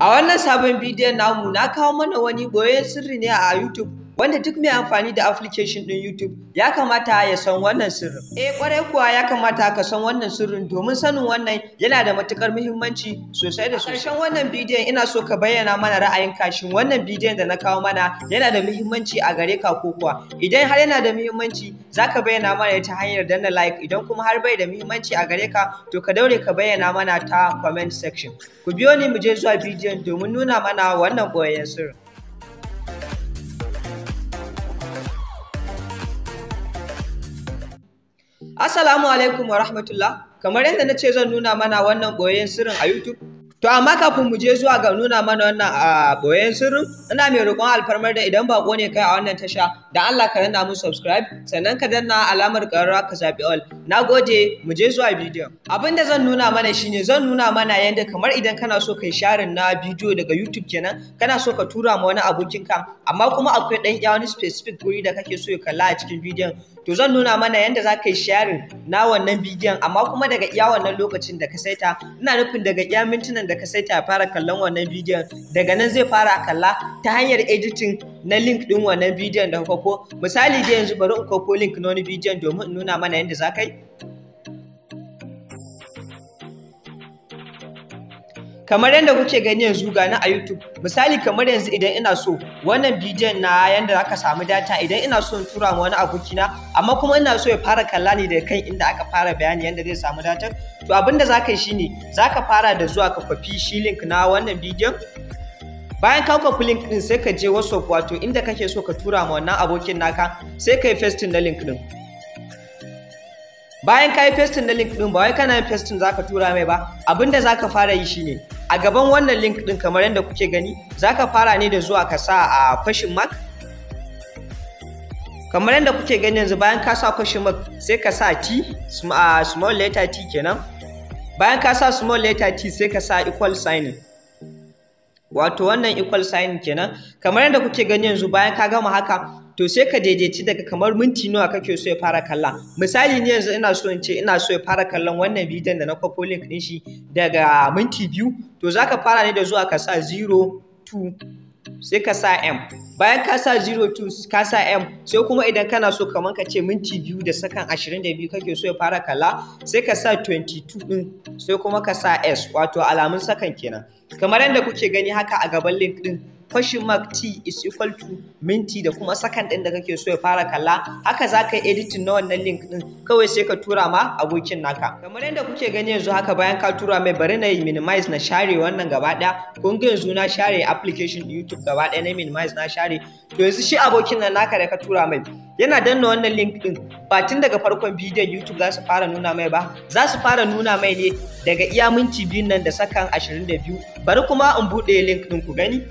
A wannan sabon bidiyon namu na kawo mana wani goyon sirri ne a YouTube wanda duk mai amfani da application ɗin YouTube ya kamata ya san wannan sirrin. Eh kwarai kuwa ya kamata ka san wannan sirrin domin sanin wannan yana da matukar muhimmanci sosai da sosai. wannan bidiyon ina so ka bayyana mana ra'ayin kashin wannan bidiyon da na kawo mana yana da muhimmanci a gare ka ko kuwa. Idan har yana da muhimmanci za ka bayyana mana ta hanyar danna like idan kuma har bai da muhimmanci a gare ka to ka daure ka bayyana mana ta comment section. Ku biyo ni mu je zuwa bidiyon domin nuna mana wannan ɓoyayyen sirrin. Assalamu alaikum wa rahmatullah. Kamar yadda na ce zan nuna mana wannan ɓoyen sirrin a YouTube. To amma kafin mu je zuwa ga nuna mana wannan a ɓoyen sirrin, ina mai roƙon alfarmar da idan bako ne kai a wannan tasha, da Allah ka danna mu subscribe, sannan ka danna alamar ƙararra ka zaɓi all. Nagode, mu je zuwa bidiyon. Abin da zan nuna mana shine zan nuna mana yadda kamar idan kana so ka kai sharing na bidiyo daga YouTube kenan, kana so ka tura ma wani abokin ka, amma kuma akwai ɗan wani specific guri da kake so ka kalla a cikin bidiyon. to zan nuna mana yadda za ka yi sharing na wannan bidiyon amma kuma daga iya wannan lokacin da ka saita ina nufin daga iya mintunan da ka saita ya fara kallon wannan bidiyon daga nan zai fara kalla ta hanyar editing na link din wannan bidiyon da kuka misali da yanzu bari in koko link na wani bidiyon domin in nuna mana yadda za ka yi kamar yadda kuke gani yanzu ga na a YouTube misali kamar yanzu idan ina so wannan bidiyon na yanda zaka samu data idan ina so in tura ma wani abokina amma kuma ina so ya fara kalla ni daga kan inda aka fara bayani yanda zai samu data to abinda zaka yi shine zaka fara da zuwa ka kwafi shi link na wannan bidiyon bayan ka kwafi link din sai ka je WhatsApp wato inda kake so ka tura ma wannan abokin naka sai ka yi pasting na link din bayan ka yi pasting na link din ba wai kana yin za zaka tura mai ba abinda zaka fara yi shine a gaban wannan link ɗin kamar yadda kuke gani za ka fara ne da zuwa ka sa a question mark kamar yadda kuke gani yanzu bayan ka sa question mark sai ka sa t small letter t kenan bayan ka sa small letter t sai ka sa equal sign wato wannan equal sign kenan kamar yadda kuke gani yanzu bayan ka gama haka to sai ka daidaici daga kamar minti nawa kake so ya fara kalla misali ne yanzu ina so in ce ina so ya fara kallon wannan bidiyon da na kwafo link din shi daga minti biyu to zaka fara ne da zuwa ka sa 02 sai ka sa M bayan ka sa 02 ka sa M sai kuma idan kana so kamar ka ce minti biyu da sakan 22 kake so ya fara kalla sai ka sa 22 din sai kuma ka sa S wato alamun sakan kenan kamar yadda kuke gani haka a gaban link din fashin mark t is equal to minti da kuma sakan ɗin da kake so ya fara kalla haka za ka yi editing na wannan link ɗin kawai sai ka tura ma abokin naka kamar yadda kuke gani yanzu haka bayan ka tura mai bari na yi minimize na share wannan gaba ɗaya kun ga yanzu na share application youtube gaba ɗaya na minimize na share to yanzu shi abokin nan naka da ka tura mai yana danna wannan link ɗin ba tun daga farkon bidiyon youtube za su fara nuna mai ba za su fara nuna mai ne daga iya minti biyun nan da sakan 22 bari kuma in buɗe link ɗin ku gani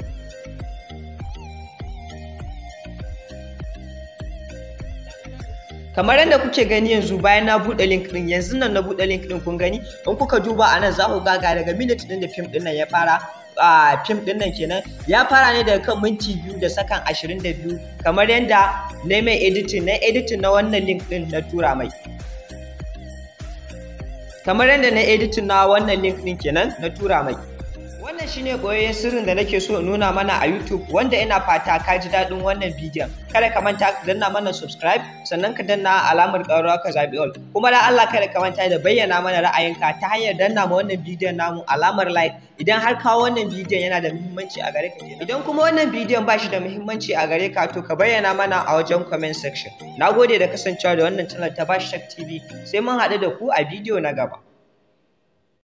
kamar yadda kuke gani yanzu bayan na buɗe link ɗin yanzu nan na buɗe link ɗin kun gani in kuka duba a nan za ku ga daga minute ɗin da fim ɗin nan ya fara a film ɗin nan kenan ya fara ne daga kan minti biyu da sakan ashirin da biyu kamar yadda na mai editing na editing na wannan link ɗin na tura mai kamar yadda na editing na wannan link ɗin kenan na tura mai Wannan shine boyayyen sirrin da nake so nuna mana a YouTube wanda ina fata ka ji daɗin wannan bidiyon. Kada ka manta ka danna mana subscribe sannan ka danna alamar ƙararrawa ka zaɓi all. Kuma da Allah kada ka manta da bayyana mana ra'ayinka ta hanyar danna ma wannan bidiyon namu alamar like idan har kawo wannan bidiyon yana da muhimmanci a gare ka. Idan kuma wannan bidiyon ba shi da muhimmanci a gare ka to ka bayyana mana a wajen comment section. Na gode da kasancewa da wannan channel ta Bashak TV sai mun haɗu da ku a bidiyo na gaba.